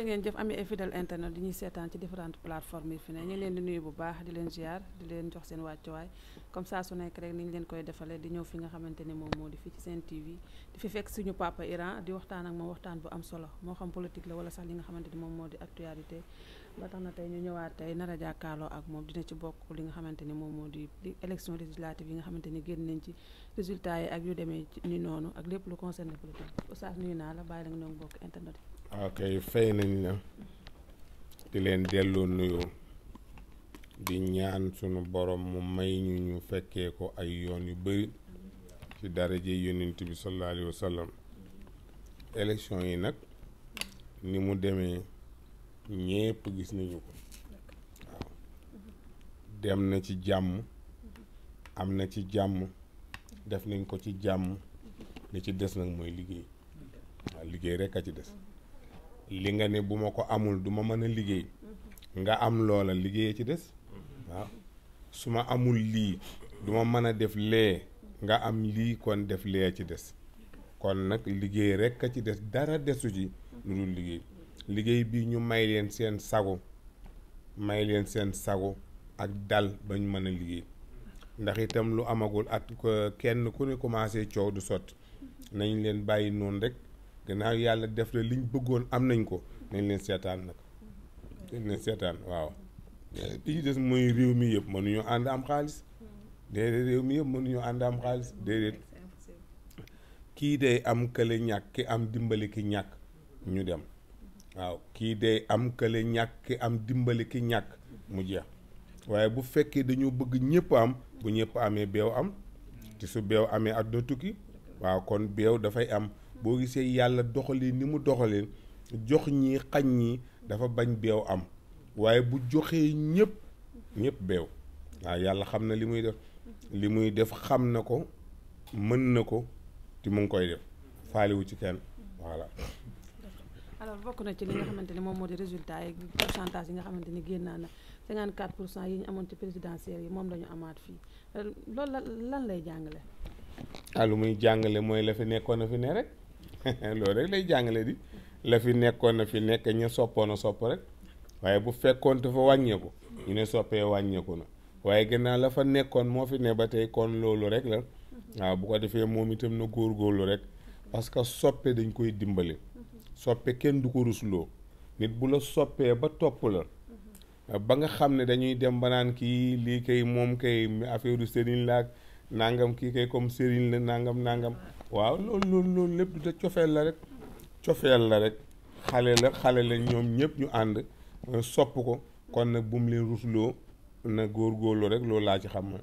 jërë ngeen jëf amee ay fidèle internet di ñuy seetaan ci différentes plateformes yi fi ne ñu leen di nuyu bu baax di leen ziar di leen jox seen wàccuwaay comme ça su nekk rek ni ñu leen koy defalee di ñëw fi nga xamante ne moom moo di fi ci seen TV di fi fekk suñu papa Iran di waxtaan ak moom waxtaan bu am solo moo xam politique la wala sax li nga xamante ni moom moo di actualité ba tax na tey ñu ñëwaat tey nar a jàkkaarloo ak moom dina ci bokk li nga xamante ni moom moo di élection législative yi nga xamante ni génn nañ ci ak yu demee ni noonu ak lépp lu concerné politique Oustaz naa la bàyyi la nga ñoo bokk internet ok fay nañ la di leen delloo nuyoo di ñaan sunu boroom mu may ñu ñu fekkee ko ay yoon yu bari ci daraje yonent bi sallallahu alayhi wa yi nag ni mu demee ñépp gis nañu ko waaw dem na ci jàmm am na ci jàmm def nañ ko ci jàmm li ci des nag mooy liggéey waaw liggéey rekk a ci des li nga ne bu ma ko amul du ma mën a liggéey nga am loola liggéey ci des waaw su ma amul lii duma mën a def lee nga am lii kon def lee ci des kon nag liggéey rekk a ci des dara desu ci lu dul liggéey liggéey bi ñu may leen seen sago may leen seen sago ak dal ba ñu mën a liggéey ndax itam lu amagul at kenn ku ne commencé coow du sotti nañ leen bàyyi noonu rek gannaaw yàlla def na liñ bëggoon am nañ ko nañ leen seetaan nag nañ leen seetaan waaw li ñu des mooy réew mi yëpp mënuñu ànd am xaalis déedéet réew mi yëpp mënuñu ànd am xaalis déedéet kii day am kële ñàkk ki am dimbali ki ñàkk ñu dem waaw kii day am kële ñàkk ki am dimbali ki ñàkk mu jeex waaye bu fekkee dañoo bëgg ñépp am bu ñépp amee beew am te su beew amee àdduna tukki waaw kon beew dafay am boo gisee yàlla doxali ni mu doxali jox ñi xañ ñi dafa bañ beew am waaye bu joxee ñëpp ñëpp beew waa yàlla xam na li muy def li muy def xam na ko mën na ko ti mu ngi koy def faaliwu ci kenn voilà alors bokk na ci li nga xamante ne moom moo di résultat yi pourcentage yi nga xamante ni génnaa na 54 pour cent yi ñu amoon ci présidentielle yi moom la ñu amaat fii euh, loolu lan lay jàngale ah lu muy jàngale mooy la fi nekkoon a fi ne rek loolu rek lay jàngale di la fi nekkoon na fi nekk ña soppoon a sopp rek waaye bu fekkoon te fa wàññeeku ñu ne soppee wàññeeku na waaye gannaaw la fa nekkoon moo fi ne ba tey kon loolu rek la waaw bu ko defee moom itam na góorlu rek parce que soppe dañ koy dimbali soppe kenn du ko rusloo nit bu la soppee ba topp la ba nga xam ne dañuy dem ba naan kii lii kay moom kay affaire du sëriñ la ak nangam kii kay comme sëriñ la nangam nangam waaw loolu loolu loolu lépp du te cofeel la rek cofeel la rek xale la xale la ñoom ñëpp ñu ànd euh, sopp ko kon nag bu mu leen rusloo na góor góorgóorlu rek loolu laa ci xam ma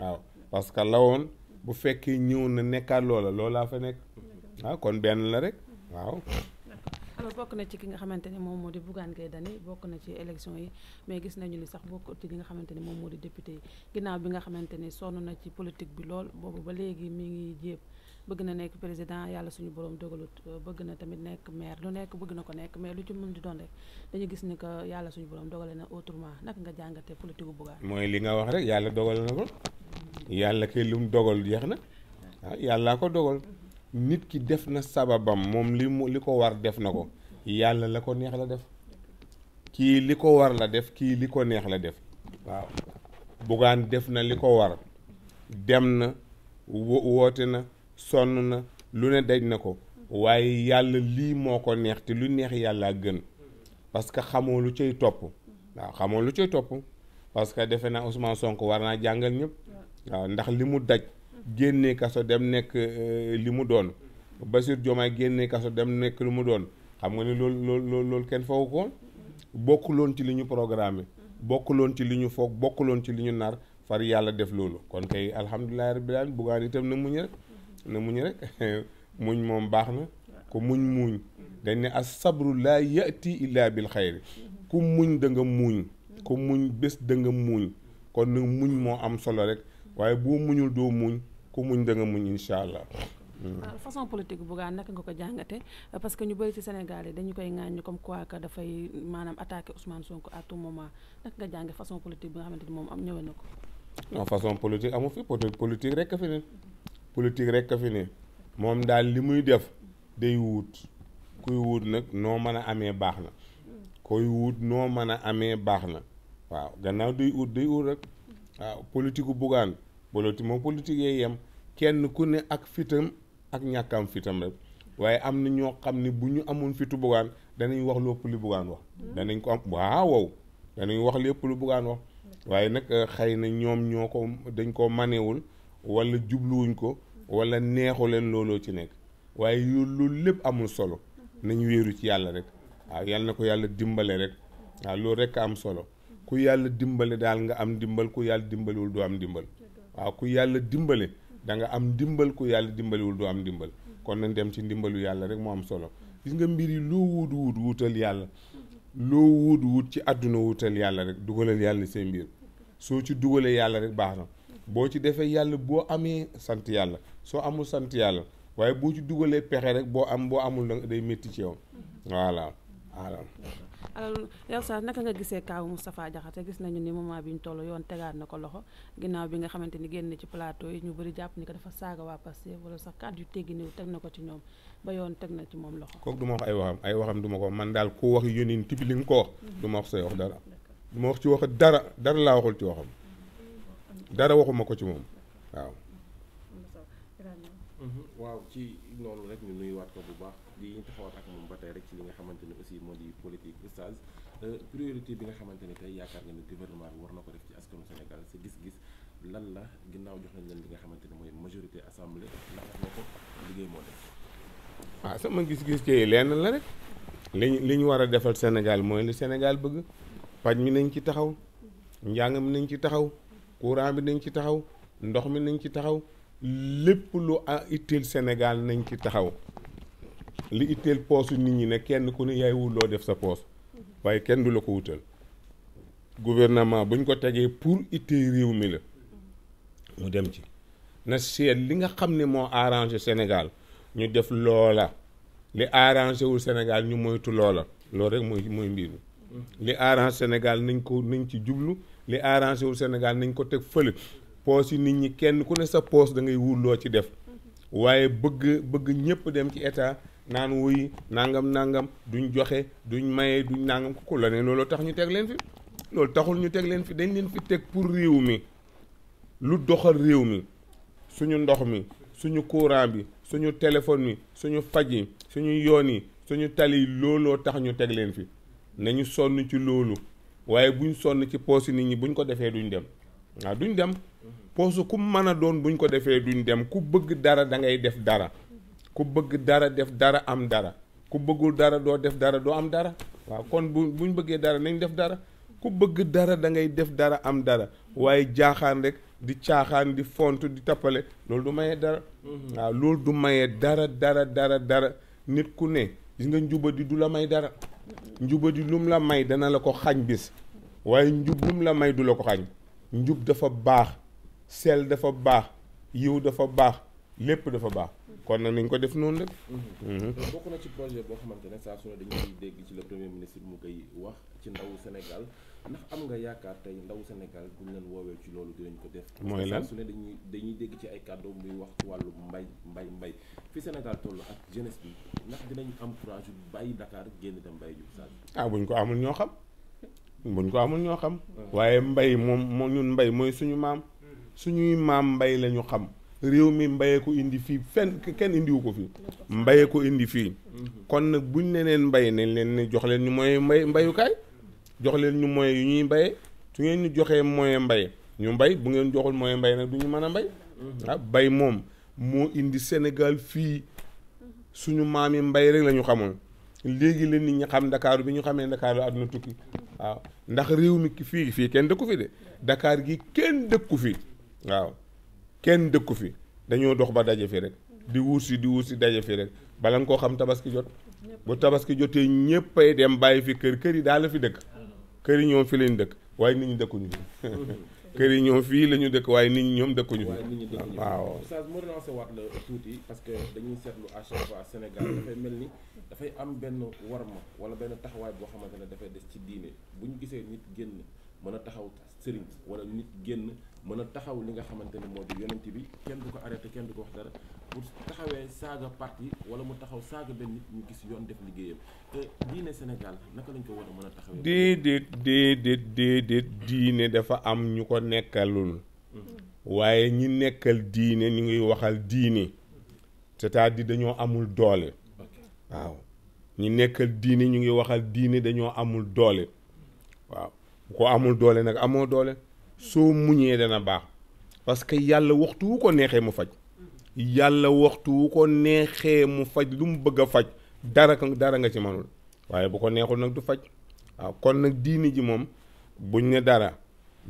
waaw parce que lawoon bu fekkee ñëw na nekkaat loola laa fa nekk waaw ah, kon benn la rek waaw bokk na ci ki nga xamante ne moom moo di Bougane Gueye Dany bokk na ci élection yi mais gis nañu ni sax bokk ci li nga xamante ne moom moo di député yi ginnaaw bi nga xamante ne sonn na ci politique bi lool boobu ba léegi mi ngi jéem bëgg na nekk président yàlla suñu borom dogalut euh, bëgg na tamit nekk maire lu nekk bëgg na ko nekk mais lu ci mën di doon rek dañu gis ni que yàlla suñu borom dogale na autrement naka nga jàngate politique bu baax. mooy li nga wax rek yàlla dogal na ko yàlla lu mu dogal jeex na ah yàllaa ko dogal nit ki def na sababam moom li mu li ko war def na ko yàlla la ko neex la def kii li ko war la def kii li ko neex la def waaw. def na li ko war dem na wo woote na. sonn na lu ne daj na ko waaye yàlla lii moo ko neex te lu neex yàlla gën parce que xamoo lu cay topp waaw xamoo lu cay topp parce que defe naa Ousmane sonk war naa jàngal ñëpp waaw ndax li mu daj génne kaso dem nekk euh, li mu doon Bassirou Diomaye génne kaso dem nekk li mu doon xam nga ni loolu loolu kenn foogu ko bokkuloon ci li ñu programmé bokkuloon ci li ñu foog bokkuloon ci li ñu nar far yàlla def loolu kon kay alhamdulilah rabbil alamin buggaan itam na na muñ rek muñ moom baax na ku muñ muñ dañ ne as sabru laa yati illa bil xayri ku muñ da nga muñ ku muñ bés da nga muñ kon nag muñ moo am solo rek waaye boo muñul doo muñ ku muñ da nga muñ incha allah hmm. ah, façon politique bu gaan naka nga ko jàngate parce que ñu bëri ci Sénégal yi dañu koy ŋaaññu comme quoi que dafay maanaam attaqué Ousmane Sonko à tout moment naka nga jànge façon politique bi nga xamante ni moom am ñëwee na ko non façon politique amu fi politique rek politique rek a fi ne moom daal li muy def day wut kuy wut nag noo mën a amee baax na koy noo mën a amee baax na waaw gannaaw day ut day ut rek waaw politique u buggaan politi moom politique yee yem kenn ku ne ak fitam ak ñàkkam fitam rek waaye am na ñoo xam ne bu ñu amoon fitu buggaan danañ wax lépp li buggaan wax danañ ko am waaw danañ wax lépp lu buggaan wax waaye nag eh, xëy na ñoom ñoo ko dañ koo manewul wala jubluwuñ ko wala neexu leen looloo ci nekk waaye yu loolu lépp amul solo nañ wéeru ci yàlla rek waaw yàlla na ko yàlla dimbale rek waaw loolu rek am solo ku yàlla dimbale daal nga am dimbal ku yàlla dimbalewul doo am dimbal waaw yàlla dimbale da nga am dimbal ku yàlla dimbalewul doo am dimbal kon nañ dem ci ndimbalu yàlla rek moo am solo gis nga mbir yi loo wut wut wutal yàlla loo wut wut ci àdduna wutal yàlla rek dugalal yàlla seen mbir soo ci dugalee yàlla rek baax na boo ci defee yàlla boo amee sant yàlla soo amul sant yàlla waaye boo ci dugalee pexe rek boo am boo amul da day métti ci yow voilà alors yow sax naka nga gisee kaawu Moustapha te gis nañu ni moment bi ñu toll yoon tegaat na ko loxo ginnaaw bi nga xamante ni génn ci palaato yi ñu bëri jàpp ni ko dafa saaga waa Pastef wala sax kàddu yu teggi niw teg na ko ci ñoom ba yoon teg na ci moom loxo kooku du ma wax ay waxam ay waxam duma ko man daal ku wax yónin tipi li nga ko wax du ma wax say wax wax ci dara dara laa waxul ci waxam dara waxuma ko ci moom waaw. Mhm. waaw ci noonu rek ñu nuyuwaat ko bu baax di taxawaat ak moom ba tey rek ci li nga xamante ne aussi moo di politique stage euh, priorité bi nga xamante ne tey yaakaar nga ne gouvernement bi war na ko def ci askanu Sénégal sa gis-gis lan la ginnaaw jox nañ leen li nga xamante ne mooy majorité assemblée ndax wax na ko liggéey moo def. ah sama gis-gis kay lenn la rek li li ñu war a defal senegal mooy li Sénégal bëgg paj mi nañ ci taxaw njàng mi nañ ci taxaw. courant bi nañ ci taxaw ndox mi nañ ci taxaw lépp lu a itteel Sénégal nañ ci taxaw li itteel poosu nit ñi ne kenn ku ne yaay wul loo def sa poos waaye kenn du la ko wutal gouvernement buñ ko tegee pour itteel réew mi la mu dem ci na seet li nga xam ne moo arrangé Sénégal ñu def loola li arrangé wul Sénégal ñu moytu loola loolu rek mooy mooy mbir mi li arrangé Sénégal nañ ko nañ ci jublu li arrangé wul Sénégal nañ ko teg fële poos yi nit ñi kenn ku ne sa poos dangay ngay loo ci def waaye bëgg bëgg ñëpp dem ci état naan wuy nangam nangam duñ joxe duñ maye duñ nangam ku la ne loolu tax ñu teg leen fi loolu taxul ñu teg leen fi dañ leen fi teg pour réew mi lu doxal réew mi suñu ndox mi suñu courant bi suñu téléphone mi suñu faj yi suñu yoon yi suñu tali yi looloo tax ñu teg leen fi nañu sonn ci loolu. waaye bu ñu sonn ci poosu nit ñi bu buñ ko defee duñ dem waaw duñ dem poosu ku mën a doon buñ ko defee duñ dem ku bëgg dara da ngay def dara ku bëgg dara def dara am dara ku bëggul dara doo def dara doo am dara waaw kon bu buñ bëggee dara nañ def dara ku bëgg dara da ngay def dara am dara waaye jaaxaan rek di caaxaan di font di tappale loolu du mayee dara mhm. waaw loolu du mayee dara dara dara dara nit ku ne gis nga njuba di du la may dara njubadi lum la may dana la ko xañ bis waaye njub lum la may du la ko xañ njub dafa baax sel dafa baax yiw dafa baax lépp dafa baax kon nag nañ ko def noonu rek. Mhm. Mhm. bokk na ci projet boo xamante ne saa su ne dañuy dégg ci le premier ministre mu koy wax ci ndawu Sénégal ndax am nga yaakaar tey ndawu Sénégal bu ñu leen woowee ci loolu dinañ ko def. mooy lan saa su ne dañuy dañuy dégg ci ay kàddu muy wax wàllu mbay mbay mbay fi Sénégal toll ak jeunesse bi ndax dinañ am courage yu bàyyi Dakar génn dem mbay ju saa ah buñ ko amul ñoo xam. buñ ko amul ñoo xam. waaye mbay moom moo ñun mbay mooy suñu maam. Mhm. suñuy maam mbay la ñu xam. réew mi mbayee ko indi fii fenn kenn indiwu ko fii mbayee ko indi fii mhm. kon nag buñ ne leen mbay nañ leen ne jox leen ñu mooy mbay mbayukaay jox leen ñu mooy yu ñuy mbayee su ngeen ñu joxee moyen mbay ñu mbay bu ngeen joxul mooy mbay nag du ñu mën a mbay mhm. ah bay moom moo indi senegal fii suñu maam yi mbay rek la ñu xamoon léegi leen nit ñi xam ndakaaru bi ñu xamee Dakar la àdduna tukki waaw ndax réew mi fii fii kenn dëkku fi de ndakaar gi kenn dëkku fi waaw kenn dëkku fi dañoo dox ba daje fi rek di wuus si di wuus si daje fi rek bala nga koo xam tabaski jot bu tabaski jotee ñéppay dem bàyyi fi kër kër yi daal la fi dëkk kër yi ñoom fi lañ dëkk waaye nit ñi dëkkuñu fi kër yi ñoom fii la ñu dëkk waaye nit ñi ñoom dëkkuñu fi waaw Oustaz ma relancé waat la tuuti parce que dañuy seetlu à chaque fois Sénégal dafay mel ni dafay am benn war warma wala benn taxawaay boo xamante ne dafay des ci diine bu ñu gisee nit génn mën a taxaw sëriñ wala nit génn mën a taxaw li nga xamante ne moo di yonent bi kenn ko arrêté kenn du dara pour taxawee saaga parti wala mu taxaw saaga benn nit ñu yoon def liggéeyam te diine Sénégal naka lañ ko war a mën a taxawee. déedéet déedéet déedéet diine dafa am ñu ko nekkalul. Mm-hmm. waaye ñi nekkal diine ñu ngi waxal diine. c'est-à-dire dañoo amul doole. waaw ñi nekkal diine ñu ngi waxal diine dañoo amul doole. waaw ku ko amul doole nag amoo doole. soo muñee dana baax parce que yàlla waxtu wu ko neexee mu faj yàlla waxtu wu ko neexee mu faj lu mu bëgg a faj dara ko dara nga ci manul waaye bu ko neexul nag du faj waaw kon nag diini ji moom buñ ne dara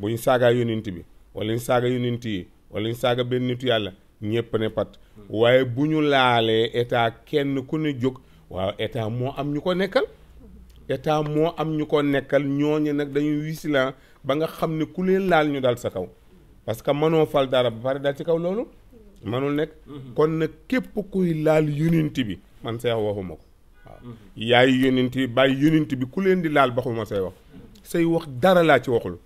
buñ saagaa yonent bi wala ñu saaga yonent yi wala ñu saaga benn nitu yàlla ñépp ne pat waaye bu ñu laalee état kenn ku ne jóg waaw état moo am ñu ko nekkal état moo am ñu ko nekkal ñooñu nag dañuy wisilan ba nga xam ne ku leen laal ñu dal sa kaw parce que mënoo fal dara ba pare dal ci kaw loolu mënul nekk mhm. kon nag képp kuy laal yonent bi man seex waxuma ko waaw mhm. yaay yonent bi bàyyi yonent bi ku leen di laal baxuma say wax say wax dara laa ci waxul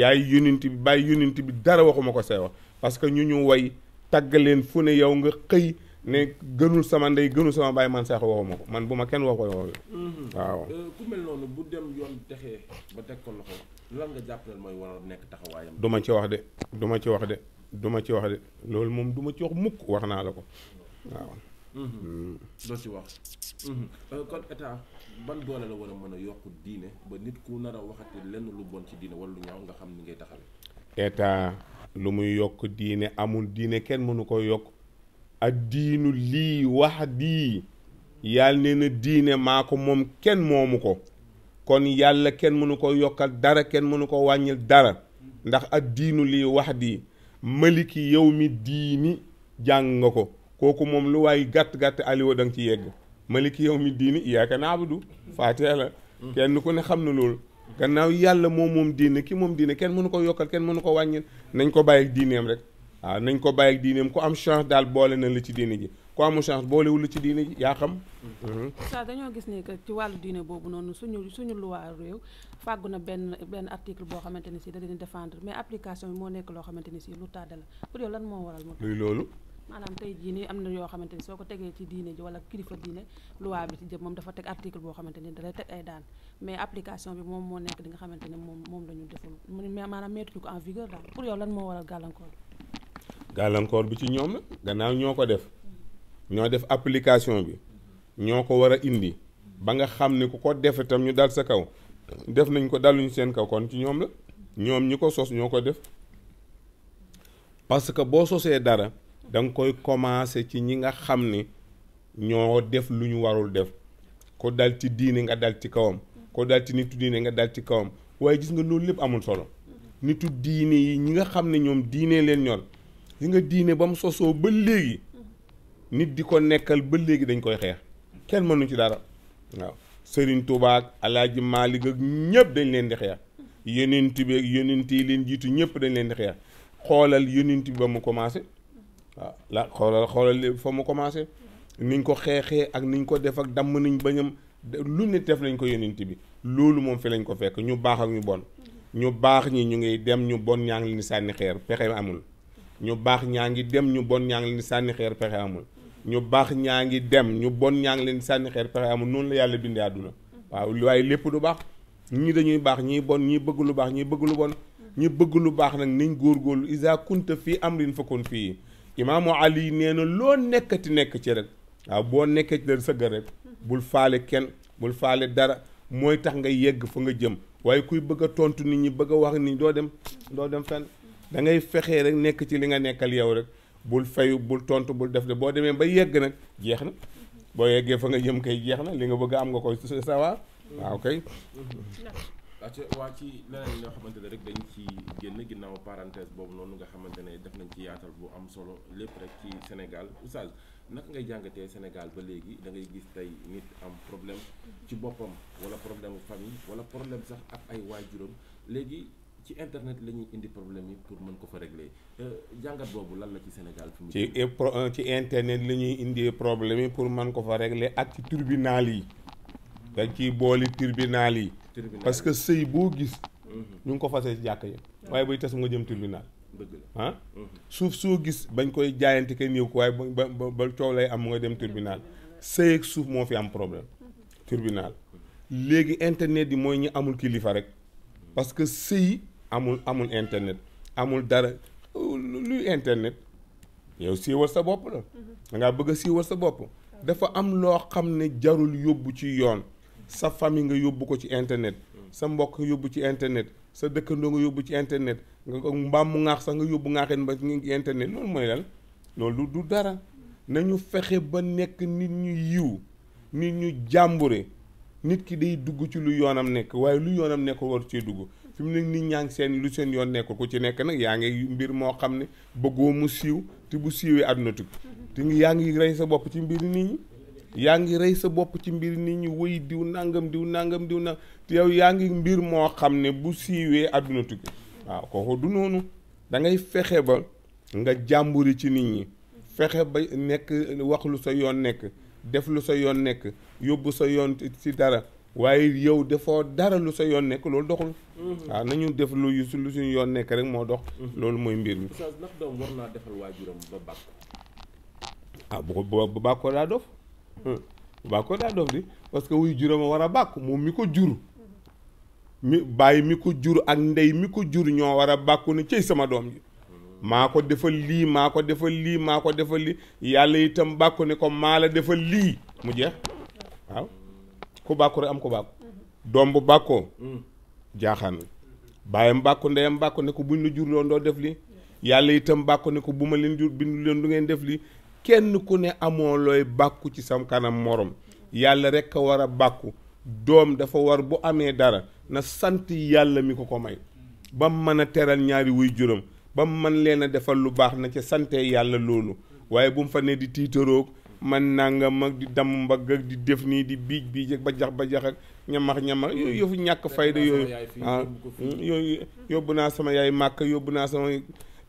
yaay yonent bi bàyyi yonent bi dara waxuma ko say wax parce que ñu ñu woy tàgg leen fu ne yow nga xëy ne gënul sama ndey gënul sama baay man sax waxuma ko man bu ma kenn waxoo yooyu. Mm-hmm. waaw euh, ku mel noonu bu dem yoon texee ba teg ko loxo lan nga jàppaleel mooy war a nekk taxawaayam. du ma ci wax de du ma ci wax de du ma wax loolu moom duma ci wax mukk wax naa la ko waaw. Mm-hmm. Mm. doo ci wax. Mm-hmm. Euh, kon état ban doole la war a mën a yokk diine ba nit ku nar a waxati lenn lu bon ci diine wala lu ñaaw nga xam ni ngay taxawee. état lu muy yokk diine amul diine kenn mënu ko yokk. ak diinu lii wax dii yàlla nee na diine maa ko moom kenn moomu ko kon yàlla kenn mënu ko yokkal dara kenn mënu ko wàññil dara ndax ak diinu lii wax dii maliki yow mi diini jàng nga ko kooku moom lu waay gàtt-gàtt aliwo da nga ci yegg maliki yow mi diini iyaaka naabudu faatee la kenn ku ne xam na loolu gannaaw yàlla moo moom diine ki moom diine kenn mënu ko yokkal kenn mënu ko wàññil nañ ko bàyyi diineem rek waaw nañ ko bàyyi ak diineem ko am chance daal boole na la ci diine ji ku amul chance boolewul la ci diine ji yaa xam. Mm-hmm. saa dañoo gis ne que ci wàllu diine boobu noonu suñu suñu loi réew fàggu na benn benn article boo xamante ne si da leen défendre mais application bi loo xamante ne si lu tardé la pour yow loolu. maanaam tey jii nii am na yoo xamante ni soo ko tegee ci diine ji wala kilifa diine loi bi ci jëm moom dafa teg xamante ni dalay teg ay daan mais application moo nekk li nga xamante ne moom moom la ñu deful maanaam mettre ko en vigueur daal pour yow lan moo waral gàllankoor. gàllankoor bi ci ñoom la gannaaw ñoo ko def ñoo def application bi ñoo ko war a indi ba nga xam ne ku ko def itam ñu dal sa kaw def nañ ko daluñu seen kaw kon ci ñoom la ñoom ñi ko sos ñoo ko def parce que boo sosee dara danga koy commencer ci ñi nga xam ne ñoo def lu ñu warul def ko dal ci diine nga dal ci kawam ko dal ci nitu diine nga dal ci kawam waaye gis nga loolu lépp amul solo nitu diine yi ñi nga xam ne ñoom diine leen ñor li nga diine ba mu sosoo ba léegi nit di ko nekkal ba léegi dañ koy xeex kenn mënuñ ci dara waaw Serigne Touba ak Alaaji Maalik ak ñëpp dañ leen di xeex yonent bi ak yi leen jiitu ñëpp dañ leen di xeex xoolal yonent bi ba mu commencé waaw la xoolal xoolal fa mu commencé niñ ko xeexee ak niñ ko def ak damm niñ bañam lu ne def nañ ko yonent bi loolu moom fi lañ ko fekk ñu baax ak ñu bon ñu baax ñi ñu ngi dem ñu bon ñaa ngi leen sànni xeer pexe amul ñu baax ñaa ngi dem ñu bon ñaa ngi leen sànni xeer pexe amul ñu baax ñaa ngi dem ñu bon ñaa ngi leen sànni xeer pexe amul noonu la yàlla bindee àdduna waaw waaye lépp du baax ñi dañuy baax ñii bon ñi bëgg lu baax ñii bëgg lu bon bëgg lu baax nag niñ góorgóorlu isa kunta fii amrin fakun fii imaamu ali nee na loo nekkati nekk ci rek waaw boo nekkee ci la sëgg rek bul faale kenn bul faale dara mooy tax nga yegg fa nga jëm waaye kuy bëgg a tontu nit ñi bëgg a wax ni doo dem da ngay fexee rek nekk ci li nga nekkal yow rek bul fayu bul tontu bul def de boo demee ba yegg nag jeex na boo yeggee fa nga yëm kay jeex na li nga bëgg am nga ko sawa waaw kay waa ci leneen loo xamante ne rek dañ ci génn ginnaaw parenthèse boobu noonu nga xamante ne def nañ ci yaatal bu am solo lépp rek ci Sénégal usal naka ngay jàngatee Sénégal ba léegi da ngay gis tey nit am problème ci boppam wala problème famille wala problème sax ak ay waajuram léegi ci internet la ñuy indi problème yi pour mën ko fa régler euh, jàngat boobu lan la ci Sénégal. ci euh, ci internet la ñuy indi problème yi pour mën ko fa régler ak ci tribunal yi. dañ ciy booli tribunal yi. parce que sëy boo gis. Mhm. ñu ngi ko fa ci jàkk yëpp. waaye buy tas nga jëm tribunal. dëgg ah? mhm. suuf soo gis bañ koy jaayante ke ko waaye ba ba ba coow lay am mu nga dem tribunal sëy ak suuf moo fi am problème. Mhm. tribunal léegi internet yi mooy ñu amul kilifa rek parce sëy. amul amul internet amul dara luy internet yow siiwal sa bopp la mm-hmm. da bëgg a siiwal sa bopp dafa am loo xam ne jarul yóbbu ci yoon sa famille nga yóbbu ko ci internet mm-hmm. sa mbokk yóbbu ci internet sa dëkkandoo nga yóbbu ci internet nga mbaam mu ŋaax sax nga yóbbu ŋaaxeen ba internet loolu mooy lan loolu du dara nañu fexe ba nekk nit ñu yiw nit ñu jàmbure nit ki day dugg ci lu yoonam nekk waaye lu yoon am nekk war cee dugg fi mu ne nit ñaa seen lu seen yoon nekkul ku ci nekk nag yaa ngi mbir moo xam ne bëggoo mu siiw te bu siiwee àdduna tukki te yaa ngi rey sa bopp ci mbir nit ñi yaa ngi rey sa bopp ci mbir nit ñi wëy diw nangam diw nangam diw nangam te yow yaa ngi mbir moo xam ne bu siiwee àdduna tukki waaw kooku du noonu da ngay fexe ba nga jàmbur yi ci nit ñi fexe ba nekk wax lu sa yoon nekk def lu sa yoon nekk yóbbu sa yoon si dara waaye yow defoo dara lu sa yoon nekk loolu doxul. Mhm. waaw nañu def lu yu suñu yoon nekk rek moo dox. Mhm. loolu mooy mbir mi. oustaz ndax war naa defal waajuram ba bàkk. ah bu ko bu bàkkoo daa dof. Hmm. bu bàkkoo daa dof di parce que wuy juram war a bàkku moom mi ko jur. mi bàyyi mi ko jur ak ndey mi ko jur ñoo war a bàkku ne cëy sama doom ji. maa ko defal lii maa ko defal lii maa ko defal lii yàlla itam bàkku ne ko maa la defal lii mu jeex waaw. ku bàkku rek am ko bàkku doom bu bàkkoo mm. jaaxaan bàyyam bàkku ndeyam bàkku ne ko buñ la jur doon doo def li yàlla itam bàkku ne ko bu ma leen jur bindu leen du ngeen def li kenn ku ne amoo looy bàkku ci sam kanam morom yàlla rek a war a bàkku doom dafa war bu amee dara na sant yàlla mi ko ko may ba mu mën a teral ñaari wuy juróom ba mu mën leen a defal lu baax na ca sante yàlla loolu waaye bu mu fa ne di tiitaroog man nangam mag di damm mbagg ak di def nii di biij biij ak bajax bajax ak ñamax ñamax yooyu hmm. yëfu ñàkk fayda yooyu ah hmm. yooyu yóbbu naa sama yaay màkk yóbbu naa sama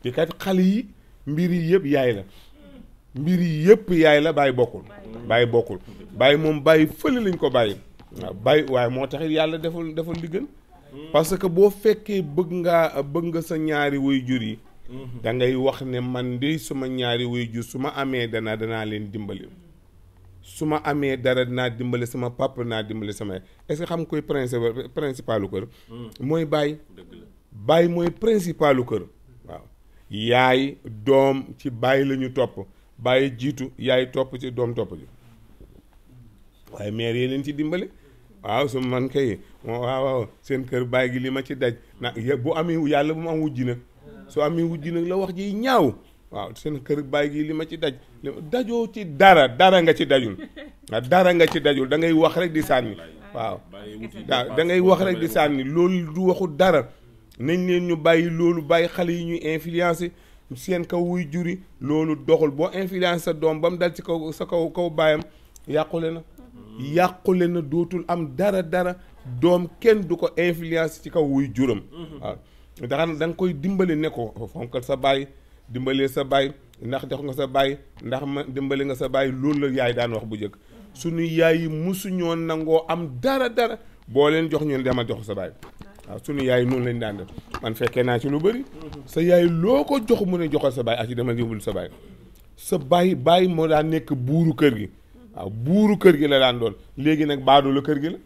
di kat xale yi mbir yi yëpp yaay la mbir yi yëpp yaay la bàyyi bokkul bàyyi bokkul bàyyi moom bàyyi fële lañ ko bàyyi waaw ah, bàyyi waaye moo taxit yàlla deful defal li gën hmm. parce que boo fekkee bëgg ngaa bëgg nga sa ñaari waajur yi da ngay wax ne man de sama ñaari jur su ma amee dana danaa leen dimbali su ma amee dara dinaa dimbali sama papa naa dimbali sama est-ce que xam koy principal principalu kër hmm. mooy baay baay mooy principalu kër waaw yaay doom ci bàyyi la ñu topp bàyyi jiitu yaay topp ci doom topp ci waaye maire yi leen ci dimbali waaw su man kay waaw waaw seen kër baay li ma ci daj na bu amee yàlla bu mu am wujji nag soo amee wujj nag la wax ji ñaaw waaw seen kër bàyyi gi li ma ci daj dajoo ci dara dara nga ci dajul dara nga ci dajul da ngay wax rek di sànni waaw waaw da ngay wax rek di sànni loolu du waxu dara nañ neen ñu bàyyi loolu bàyyi xale yi ñuy influencer seen kaw wuy juri loolu doxul boo influence sa doom ba mu dal ci kaw sa kaw kaw baayam yàqule na yàqule na dootul am dara dara doom kenn du ko influence ci kaw wuy juram mhm. waaw dara da koy dimbali ne ko fonkal sa baay dimbalee sa baay ndax jox nga sa baay ndax ma dimbali nga sa baay loolu la yaay daan wax bu njëkk suñu yaay yi mu musuñoo nangoo am dara dara boo leen jox ñu demal jox sa baay suñu yaay noonu lañ daan def man fekkee naa ci lu bëri sa yaay loo ko jox mu ne joxal sa baay ak ci demal yóbbul sa baay sa baay baay moo daan nekk buuru kër gi waaw buuru kër gi la daan doon léegi nag baadoo la kër gi la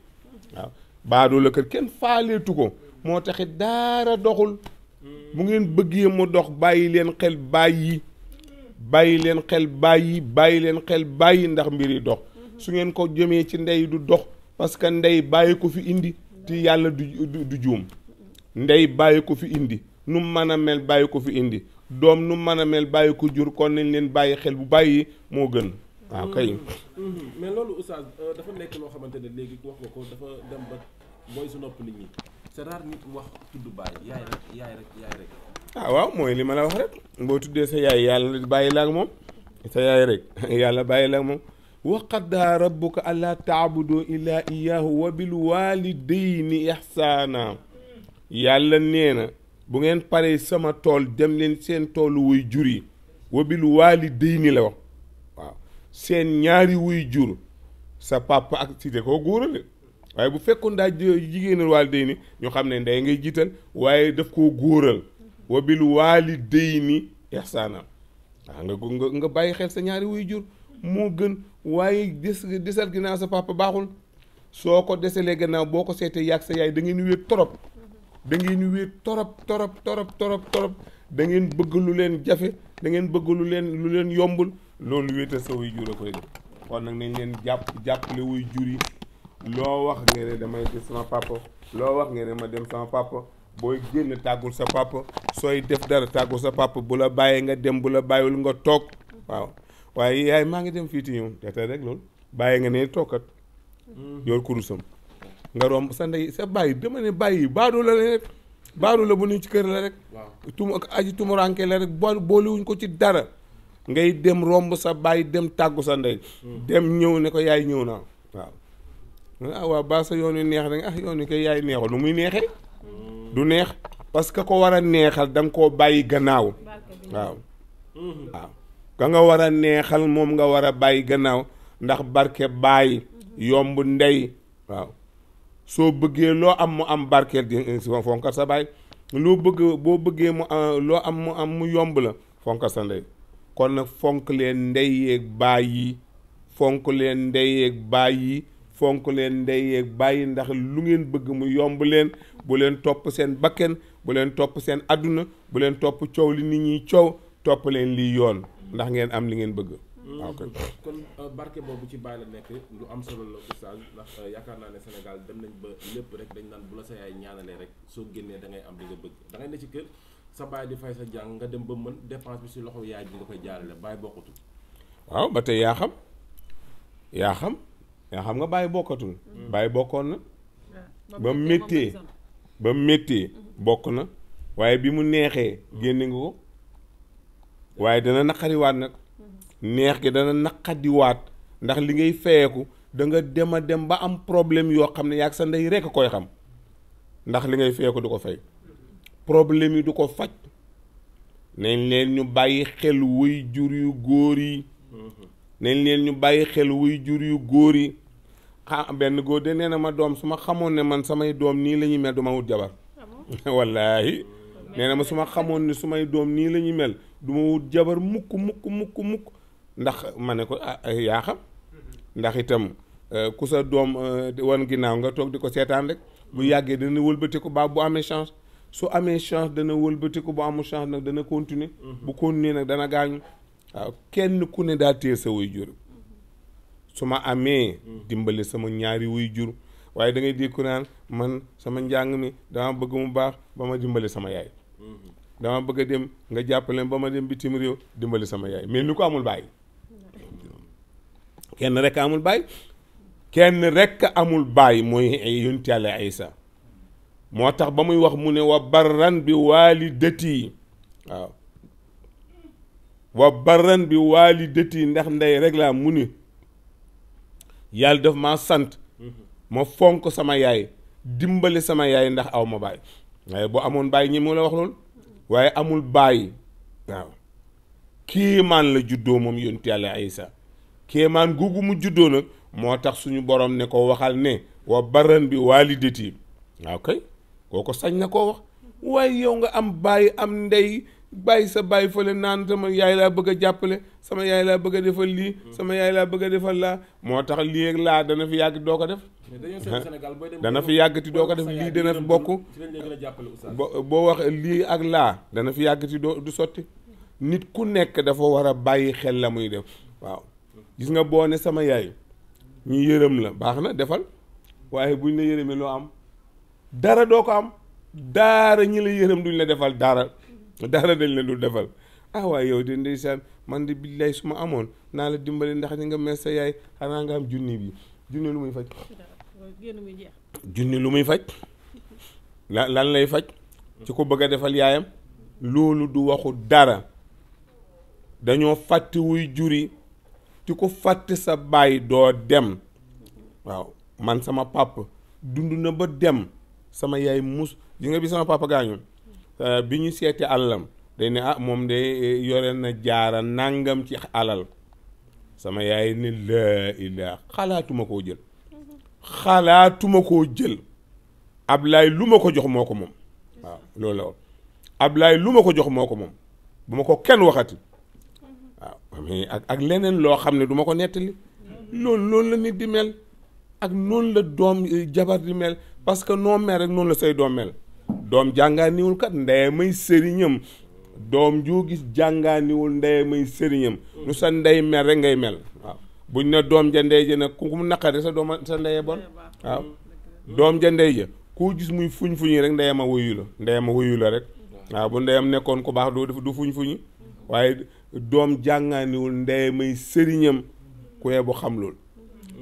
waaw baadoo la kër kenn faaleetu ko moo taxit daara doxul mu ngeen bëggee mu dox bàyyi leen xel bàyyi bàyyi leen xel bàyyi bàyyi leen xel bàyyi ndax mbir yi dox su ngeen ko jëmee ci ndey du dox parce que ndey bàyyi ko fi indi te yàlla du du juum ndey bàyyi ko fi indi nu mën a mel bàyyi ko fi indi doom nu mën a mel bàyyi ko jur kon nañ leen bàyyi xel bu bàyyi moo gën waaw kay mm-hmm. Mm-hmm. mais loolu oustaz euh, dafa nekk loo xamante ne léegi wax nga ko dafa dem booy su nopp nit c'est nit wax tudd baay yaay rek yaay rek ah, waaw mooy li ma la wax rek boo tuddee sa yaay yàlla bàyyi la ak moom sa yaay rek yàlla bàyyi la ak moom wa qadaa rabbuka allaa taabudu illaa iyaahu wa bil waalidayni ihsaana yàlla nee bu ngeen paree sama tool dem leen seen toolu wuy jur yi wa bil waalidayni la wax waaw seen ñaari wuy jur sa papa ak si de koo góorale waaye bu fekkoon daa jigéenal waalidayni ñu xam ne ndey ngay jiital waaye daf koo góoral wa bil waalidayni ihsaanam waa ah, nga nga nga bàyyi xel sa ñaari jur moo gën waaye des desal ginnaaw sa papa baaxul soo ko desalee gannaaw boo ko seetee yàgg sa yaay da ngeen wéet torop da ngeen wéet torop torop torop torop torop da ngeen bëgg lu leen jafe da ngeen bëgg lu leen lu leen yombul loolu wéetal sa waajur a koy def kon nag nañ leen jàpp jàppale waajur yi loo wax nga ne damay gis sama papa loo wax nga ne ma dem sama papa booy génn tàggul sa papa sooy def dara tàggul sa papa bu la bàyyi nga dem bu la bàyyiwul nga toog waaw waaye yaay maa ngi dem fii ti ñëw te rek loolu bàyyi nga ne tookat yor kurusam sa ndey sa bàyyi dama ne bàyyi baadu la rek baadu la bu ñu ci kër la rek tum ak aji tumuranke la rek bo boolewuñ ko ci dara ngay dem romb sa bàyyi dem tàggu sa ndey hmm. dem ñëw ne ko yaay ñëw naa ah waaw baa sa yoon wi neex da nga ah, kay yaay neexul lu muy neexee du neex parce que ko war a neexal danga koo bàyyi gannaaw waaw ka nga war a neexal moom nga war a bàyyi gannaaw ndax barke bàyyi yomb ndey waaw soo bëggee loo am mu am barke di fonkal sa baay loo bëgg boo bëggee mu ah, loo am mu am mu yomb la fonkal sa ndey kon fonk leen ndey yeeg fonk leen ndey yeeg fonk leen ndey bàyyi ndax lu ngeen bëgg mu yomb leen bu leen topp seen bakken bu leen topp seen adduna bu leen topp coow li nit ñi coow topp leen lii yoon ndax ngeen am li ngeen bëgg. Hmm. waaw kon euh, barke boobu ci bàyyi la nekk lu am solo la oustaz ndax euh, yaakaar naa ne Sénégal dem nañ ba lépp rek dañ naan bu la sa yaay ñaanalee rek soo génnee da ngay am di nga bëgg da ngay ne ci kër sa bàyyi di fay sa jàng nga dem ba mën dépense bi si loxo yaay bi nga koy jaarale bàyyi bokkutu. waaw ba tey yaa xam yaa nga xam nga bàyyi bokkatul. Mm. bàyyi bokkoon na. ba mu méttee ba mm-hmm. mu bokk na waaye bi mu neexee mm-hmm. génne nga ko waaye dana naqariwaat nag mm-hmm. neex gi dana naqadiwaat ndax li ngay feyeku da nga dem a dem ba am problème yoo xam ne yaa sa ndey rekk koy xam ndax li ngay feyeku du ko fay problème yi du ko faj nañ leen ñu bàyyi xel wuy jur yu góor yi nañ leen ñu bàyyi xel wuy jur yu góor yi xa benn góor de nee na ma doom su ma xamoon ne man samay doom nii la ñuy mel du ma wut jabar ah wallaahi nee na ma su xamoon ne su may doom nii la ñuy mel du ma wut jabar mukk mukk mukk mukk ndax ma ne ko ah, eh, yaa xam ndax itam eh, ku sa doom eh, wan ginnaaw nga toog di ko seetaan rek bu yàggee dana wëlbatiku baa bu amee chance su amee chance dana wëlbatiku bu amul chance nag dana continuer mhm. bu continuer nag dana gaañu waaw kenn ku ne daa téye sa way jur su ma amee dimbali sama ñaari wuy jur waaye da ngay dégg ku naan man sama njàng mi dama bëgg mu baax ba ma dimbali sama yaay dama bëgg a dem nga jàppale ba ma dem bitim réew dimbali sama yaay mais ni ko amul baay kenn rekk amul bàyyi kenn rek amul baay mooy yonent Yàlla Isa moo tax ba muy wax mu ne wa barran bi waalidati waaw wa barran bi waalidati ndax ndey rek laa mu ni yàlla daf ma sant ma fonk sama yaay dimbali sama yaay ndax aw ma baay waaye boo amoon baay ñi mu la wax loolu waaye amul baay waaw kéemaan la juddoo moom yonti yàlla Isa kéemaan googu mu juddoo nag moo tax suñu borom ne ko waxal ne wa barran bi waalidati waaw kay koo ko sañ na koo wax waaye yow nga am baay am ndey bàyyi sa bàyyi fële naan sama yaay laa bëgg a jàppale sama yaay laa bëgg a defal lii mm. sama yaay laa bëgg a defal laa moo tax lii ak laa dana fi yàgg doo ko def dana fi yàggati doo ko def lii dana fi bokk bo boo wax lii ak laa dana fi yàgg yàggati doo du sotti nit ku nekk dafa war a bàyyi xel la muy def waaw gis nga boo ne sama yaay ñu yërëm la baax na defal waaye buñ la yërëmee loo am dara doo ko am daara ñi la yërëm duñ la defal daara daara dañ la dul defal ah waaye yow de ndeysaan man de billaay su ma amoon naa la dimbali ndax ni nga mes sa yaay xanaa nga am junni bi junni lu muy faj. junni lu muy faj. la lan lay faj. ci ko bëgg a defal yaayam. loolu du waxu dara dañoo fàtte wuy juri ci ko fàtte sa baay doo dem waaw man sama papa dund na ba dem sama yaay mus yi nga bi sama papa gaañoon Euh, bi ñu seeti alalam day ne ah moom de eh, yore na jaara nangam ci alal sama yaay ne laa ilaa xalaatuma koo jël xalaatuma koo jël Ablaay lu ma ko jox moo ko moom waaw loolu la lu ma ko jox moo ko moom bu ma ko kenn waxati waaw mais ak leneen loo xam ne duma ko nettali loolu noonu la nit di mel ak noonu la doom eh, jabar di mel parce que noo mel rek noonu la say doom mel doom jàngaaniwul kat ndeye may sëriñam doom joo gis jàngaaniwul ndeye may sëriñam lu sa ndey mel rek ngay mel waaw buñ ne doom ja ndey ja sa doom sa ndeye bon gis muy fuñ fuñi rek ndeyam a bu ndeyam nekkoon ku baax doo du du fuñ fuñi waaye doom jàngaaniwul ndeye may sëriñam ku yee bu xam loolu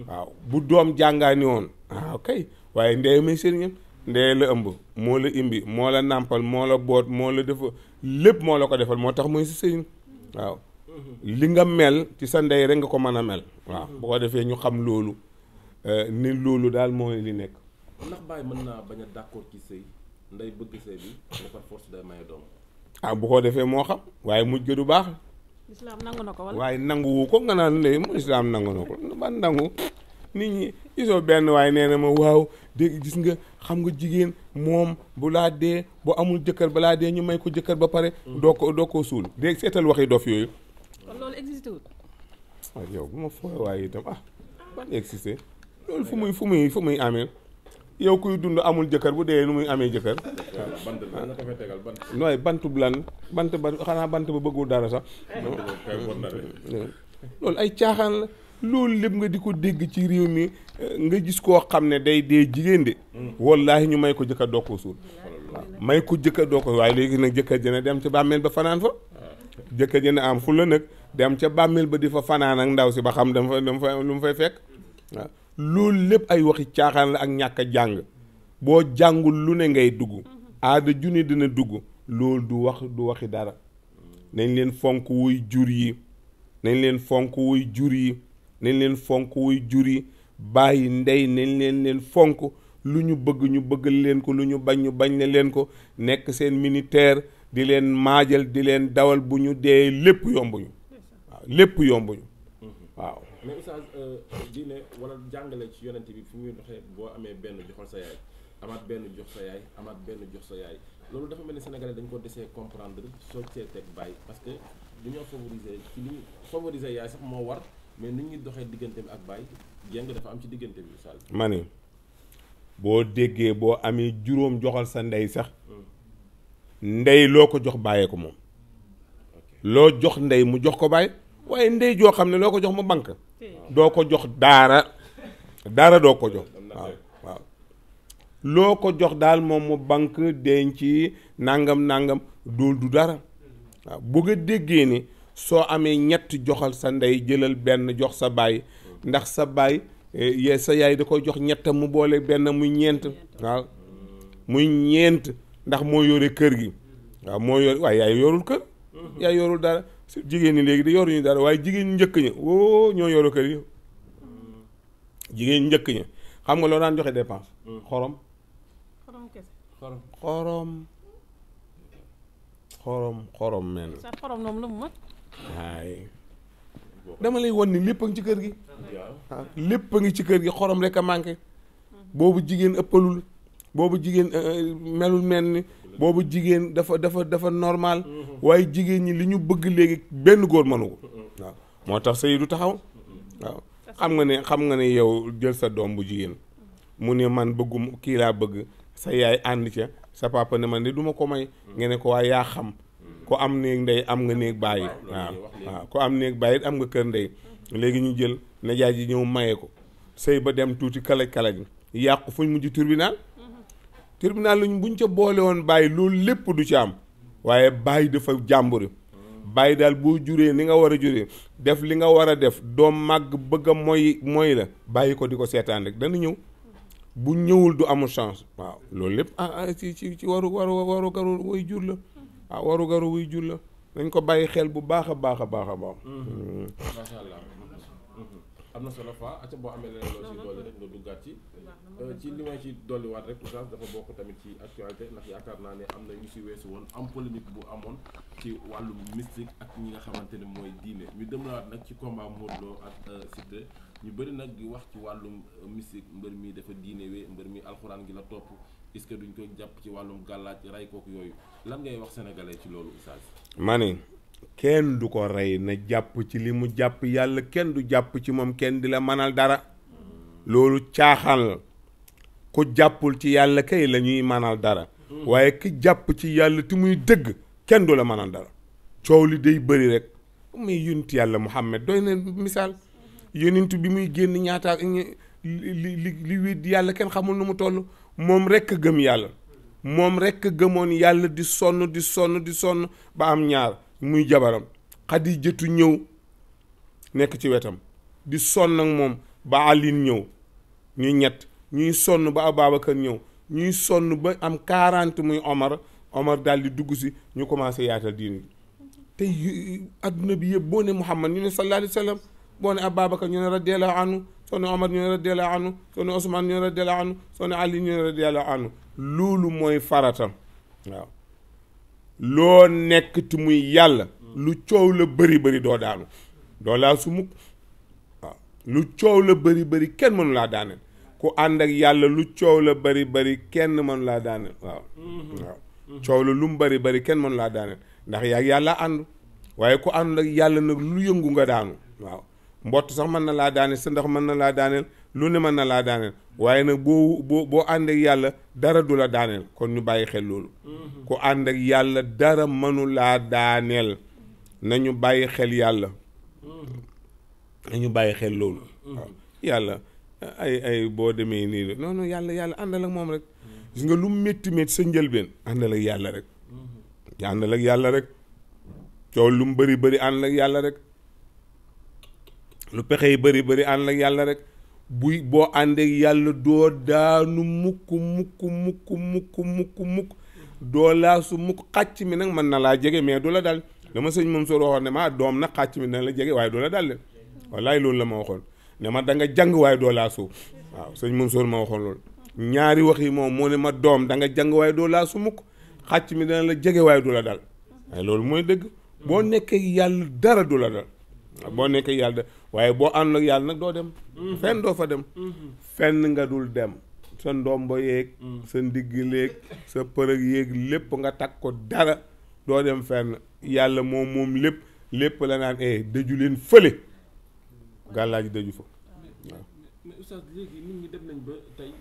waaw bu doom jàngaani woon ah, kay waaye ndeye may sëriñam ndee la ëmb moo la imbi moo la nàmpal moo la boot moo la def lépp moo la ko defal moo tax muy si sëyin waaw mhm. li nga mel ci sa ndey rek nga ko mën a mel waaw mhm. boo ko defee ñu xam loolu euh, ni loolu daal mooy li nekk ndax bàyyi mën naa bañ a d'accord ci sëy ndey bëgg sëy ah, bu ko defee moo xam waaye mujj ga du baax islam nangu na ko wala waaye nangu ko nga naan ndey mu islam nangu na ko ban nangu nit ñi gisoo benn waaye nee ma waaw dégg gis nga xam nga jigéen moom bu laa dee bu amul jëkkër balaa dee ñu may ko jëkkër ba pare. Mm. doo ko doo ko suul dégg seetal waxi dof yooyu. Ah, yow bu ma fooy waaye itam ah ban existé ah, loolu fu muy fu muy fu muy amee yow kuy dund amul jëkkër bu dee nu muy amee jëkkër. waaw bantu ah. lan bant ba xanaa bant ba bëggul dara sax. loolu ay caaxaan la. loolu lépp nga di ko dégg ci réew mi nga gis koo xam ne day dee jigéen de. wallaahi ñu may ko jëkk a doo ko may ko jëkk a doo ko waaye léegi nag jëkkër jëne dem ci bàmmeel ba fanaan fa. jëkkër jëne am fu la nag dem ca bàmmeel ba di fa fanaan ak ndaw si ba xam dama fa dama fa lu mu fay fekk. waaw lépp ay waxi caaxaan la ak ñàkk jàng boo jàngul lu ne ngay dugg aada junne dina dugg loolu du wax du waxi dara nañ leen fonk wuy jur yi nañ leen fonk wuy jur yi. nañ leen fonk wuy jur yi bàyyi ndey nañ leen leen fonk lu ñu bëgg ñu bëgg leen ko lu ñu bañ ñu bañ ne leen ko nekk seen militaire di leen maajal di leen dawal bu ñu dee lépp yombuñu waaw lépp yombuñu waaw. mais oustaz euh, diine wala jàngale ci yonent bi fi muy doxee boo amee benn joxal sa yaay benn jox sa yaay amaat benn jox sa yaay loolu dafa mel ni sénégalais dañ ko desee comprendre soo cee teg bàyyi parce que dañoo favoriser ci favoriser yaay sax moo war. mais ni ñuy doxee diggante ak Baye Dieng dafa am ci diggante bi misaal. boo déggee boo amee juróom joxal sa ndey sax ndey loo ko jox bàyyee ko moom loo jox ndey mu jox ko bàyyi waaye ndey joo xam ne loo ko jox mu banque doo ko jox daara daara doo ko jox waaw waaw loo ko jox daal moom mu banque ci nangam nangam dool du dara hmm. waaw bu nga déggee ni soo amee ñett joxal sa ndey jëlal benn jox sa baay ndax sa baay eh, sa yaay da ko jox ñett mu boole benn mu ñeent waaw muy ñeent ndax moo yore kër gi waaw moo yore waaye yaay yorul kër yaay yorul dara jigéen ñi léegi di yoruñu dara waaye jigéen njëkk ña woo ñoo yoru kër yi jigéen njëkk ña xam nga loo daan joxe dépense xorom xorom xorom xorom xorom xorom men sa xorom noonu la mu waay dama lay wan ni lépp a ngi ci kër gi ah, lépp a ngi ci kër gi xorom rek a manqué boobu jigéen ëppalul boobu jigéen euh, euh, melul mel ni boobu jigéen dafa dafa dafa normal mm-hmm. waaye jigéen ñi li ñu bëgg léegi benn góor mënu ko mm-hmm. waaw moo tax sëy du taxaw waaw xam nga ne xam nga ne yow jël sa doom bu jigéen mu ne man bëggum kii laa bëgg sa yaay ànd ca sa papa ne man de du ko may mm-hmm. nga ne ko waaye yaa xam ko am néeg ndey am nga néeg bàyyi waaw waaw ku am néeg bàyyi am nga kër ndey léegi ñu jël najaay ji ñëw maye ko sëy ba dem tuuti kalaj kalaj yàqu fuñ mujj tribunal tribunal lañ buñ ca boole woon bàyyi loolu lépp du ci am waaye bàyyi dafa jàmburi bàyyi daal boo juree ni nga war a juree def li nga war a def doom màgg bëgg a mooy mooy la bàyyi ko di ko seetaan rek dana ñëw bu ñëwul du amul chance waaw loolu lépp ah ah ci ci ci waru waru waru jur la ah waru garu wuy jul la dañ ko bàyyi xel bu baax a baax a baax a baax. Mm-hmm. Mm-hmm. macha allah mm-hmm. am na solo fa acca boo amee leneen loo ci dolli rek nga duggaat ci euh, ci li may ci dolliwaat rek oustaz dafa bokk tamit ci actualité ndax yaakaar naa ne am na ñu si weesu woon am polémique bu amoon ci wàllu mystique ak ñi nga xamante ne mooy diine ñu demlaat nag ci combat Modou Lo ak euh, Siteu ñu bëri nag di wax ci wàllum euh, mystique mbër mi dafa diine we mbër mi alxuraan gi la topp est-ce que duñ ko jàpp ci wàllum gàllaaj rey kook yooyu lan ngay wax sénégalais ci loolu oustaz ma ne kenn du ko rey na jàpp ci li mu jàpp yàlla kenn du jàpp ci moom kenn di la mënal dara loolu caaxaan la ku jàppul ci yàlla kay lañuy ñuy dara waaye ki jàpp ci yàlla ti muy dëgg kenn du la mënal dara coow li day bëri rek muy yonent yàlla Muhammad doy na misaal yonent bi muy génn ñaata li li li wéet yàlla kenn xamul nu mu toll moom rekk gëm yàlla moom rekk gëmoon yàlla di sonn di sonn di sonn ba am ñaar muy jabaram xadijatu ñëw nekk ci wetam di sonn ak moom ba àlin ñëw ñu ñett ñuy sonn ba Ababacar ñëw ñuy sonn ba am 40 muy Omar Omar daal di dugg si ñu commencé yaatal diini te adduna bi yëpp boo ne Muhammad ñu ne sallallahu alayhi wa sallam boo ne Ababacar ñu ne radiyallahu anhu soxna Omar ñooy radiyallahu anhu soxna Ousmane ñooy radiyallahu anhu soxna Ali ñooy mooy faratam waaw loo nekk ti muy yàlla lu coow la bëri bëri doo daanu doo laa su waaw lu coow la bari bari kenn mënu laa daaneel ku ànd yàlla lu coow la bëri kenn mënu laa daaneel waaw mm-hmm. coow la lu mu bari bari kenn mënu laa daaneel ndax yaa yàlla ànd waaye ku ànd ak yàlla nag lu yëngu nga daanu waaw mbott sax mën na laa daaneel sa ndax mën na laa daaneel lu ne mën na laa daaneel waaye nag boo boo boo ànd yàlla dara du la daaneel kon ñu bàyyi xel loolu mm-hmm. ku ànd ak yàlla dara mënu laa daaneel nañu bàyyi xel yàlla mm-hmm. nañu bàyyi xel loolu mm-hmm. yàlla ay ay boo demee nii non non yàlla yàlla àndal ak moom rek gis nga lu métti métti sa njëlbeen àndal ak yàlla rek àndal yàlla rek coow lu mu bari bëri àndal yàlla rek lu pexe yi bari bari ànd ak yàlla rek buy boo àndeek yàlla doo daanu mukk mukk mukk mukk mukk mukk doo laa su mukk xàcc mi nag mën na laa jege mais du la dal dama sëñ moom soo waxoon ne ma doom nag xàcc mi na la jege waaye du la dal de loolu la ma waxoon ne ma da nga doo laa suuf waaw sëñ Mansour ma waxoon loolu ñaari wax yi moom moo ne ma doom da nga jàng waaye doo laa su mukk xàcc mi dana la jege waaye du la dal waaye loolu mooy dëgg boo nekkee yàlla dara du la dal boo nekkee yàlla waaye boo ànd ak yàlla nag doo dem mhm. fenn doo fa dem mhm. fenn nga dul dem sa ndombo yeeg mhm. sa ndigg léeg sa përëg yéeg lépp nga takk ko dara doo dem fenn yàlla moom moom lépp lépp la naan e dëju leen fële gàllaaji dëju fa waaw mais nañ ba tey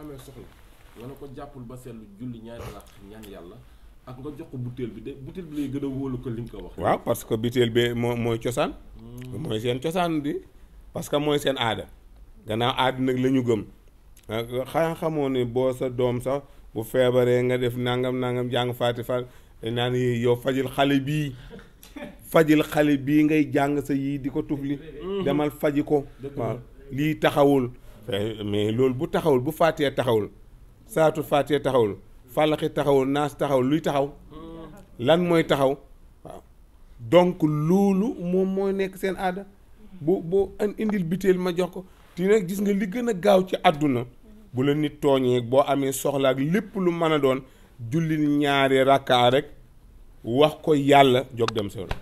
amee soxla nga ko jàppul ba seetlu julli ñaari yàlla ak nga jox ko butéel bi bi lay gën ko li nga ko wax. waaw parce que butéel be moo mooy cosaan. mooy seen cosaan bi parce que mooy seen aada. gannaaw aada nag lañu gëm xanaa xamoo ne boo sa doom sax bu feebaree nga def nangam nangam jàng faati fa naan yow fajil xale bii fajil xale bii ngay jàng sa yii di ko tufli demal faji ko. waaw lii taxawul. mais loolu bu taxawul bu faatee taxawul saatu faatee taxawul. fàllaxi taxawul naas taxaw luy taxaw lan mooy taxaw waaw donc loolu moom mooy nekk seen aada bu bu indil biteel ma jox ko te nag gis nga li gën a gaaw ci àdduna bu la nit tooñee boo amee soxlaak lépp lu mën a doon jullit ñaari rakkaa rek wax ko yàlla jog dem sewoon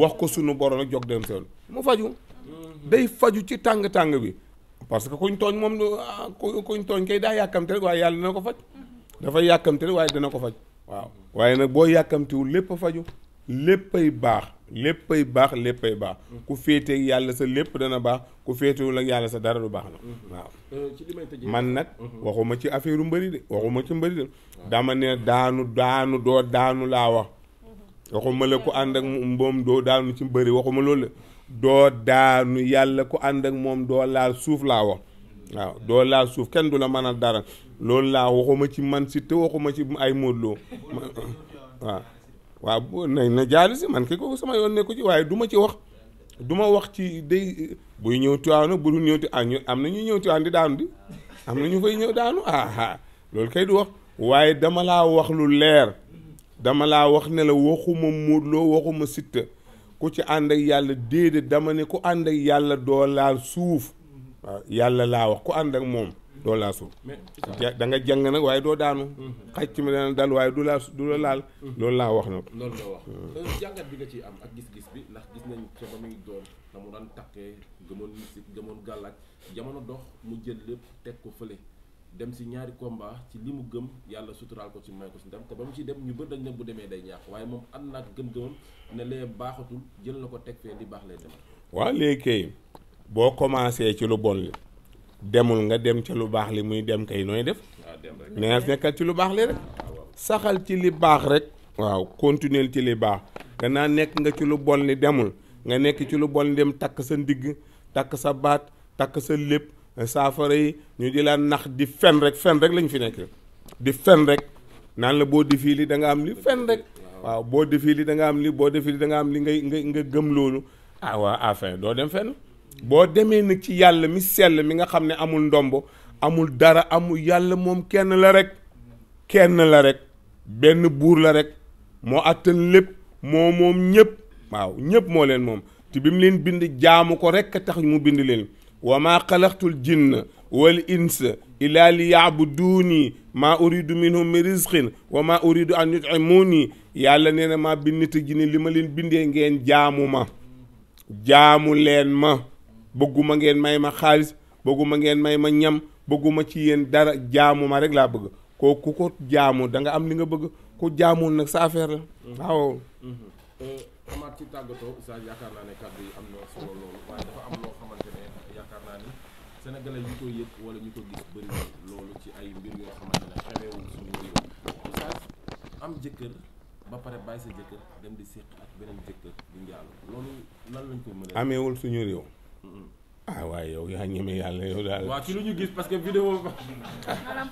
wax ko sunu borom rek jog dem sewoon mu faju day faju ci tàng-tàng bi parce que kuñ tooñ moom ah, kuñ tooñ kay daa yàkkamte rek waaye yàlla na ko faj dafay yàkkamti rek waaye dina ko faj waaw waaye nag boo yàkkamtiwul lépp a faju léppay baax léppay baax léppay baax mm-hmm. ku féeteeg yàlla sa lépp dana baax ku féetewul ak yàlla sa dara du baax na mm-hmm. waaw euh, man nag mm-hmm. waxuma ci affaire mbari de waxuma ci mbari de dama ne daanu daanu doo daanu laa wax waxuma la ku ànd ak moom doo daanu ci mbëri waxuma loolu doo daanu yàlla ku ànd ak moom doo laal suuf laa wax waaw doo laal suuf kenn du la mën a dara loolu laa waxuma ci man si te waxuma ci ay Modou Lo waaw waaw boo nañ na jaali si man ki ko sama yoon nekku ci waaye duma ci wax du ma wax ci day buy ñëw Tiwaawan nag bu dul ñëw Tiwaawan ah, am na ñu ñëw Tiwaawan di daanu di am ñu fay ñëw daanu ah, ah loolu kay du wax waaye dama laa wax lu leer dama laa wax ne la waxuma Modou Lo waxuma Siteu ku ci ànd ak yàlla déedéet dama ne ku ànd ak yàlla doo laal suuf waaw yàlla laa wax ku ànd ak moom doo laasu da nga jàng nag waaye doo daanu mhm. xàcc mi dana dal waaye du laa du la laal mhm. loolu laa wax nag loolu nga wax mhm. euh, jàngat bi nga ciy am ak gis-gis bi ndax gis nañ ca ba muy doon na mu daan takkee gëmoon musique gëmoon gàllaaj jamono dox mu jël lépp teg ko fële dem si ñaari combat ci li mu gëm yàlla suturaal ko ci may ko si ndam te ba mu ci dem ñu bëri dañ ne bu demee day ñaax waaye moom ànd naak gëm-gëmam ne lee baaxatul jël na ko teg fee li baax lay dem boo commencé ci lu bon li demul nga dem ci lu baax li muy dem kay nooy def ah, nees nekkal ci lu baax li rek ah, saxal ci li baax rek waaw continuer ci li baax gannaaw nekk nga ci lu bon li demul nga nekk ci lu bon li dem takk sa ndigg takk sa baat takk sa lépp saafara yi ñu di la nax di fen rek fen rek lañu fi nekk di fen rek naan la boo defii li da nga am li fen rek ah, waaw boo defii li da nga am li boo defii li da am li ngay nga nga gëm loolu ah waa afin doo dem fenn boo demee nag ci yàlla mi sell mi nga xam ne amul ndombo amul dara amul yàlla moom kenn la rek kenn la rek benn buur la rek moo àttan lépp moo moom ñëpp waaw ñëpp moo leen moom te bi mu leen bind jaamu ko rek a tax mu bind leen wa maa xalaqtul jinna wal insa illa li yaabuduuni maa uridu minhum min risqin wa maa uridu an yut'imuuni yàlla nee na maa bind nit a jinne li ma leen bindee ngeen jaamu ma jaamu leen ma bëgguma ngeen may ma xaalis bëgguma ngeen may ma ñam bëgguma ci yéen dara jaamu ma rek laa bëgg koo ko jaamu danga am li nga bëgg ko jaamul nag sa affaire la mm-hmm. waaw mm-hmm. Eh, ci tàggatoo oustaz yaakaar naa ne kàddu am na loo xamante ne yaakaar wala ñu ci ay mbir yoo xamante am jëkkër ba pare bàyyi sa jëkkër dem di séq ak beneen jëkkër di njaalu loolu lan lañ ko mën amewul suñu réew ah waaye yow yaa yàlla yow ci lu gis parce que vidéo. maanaam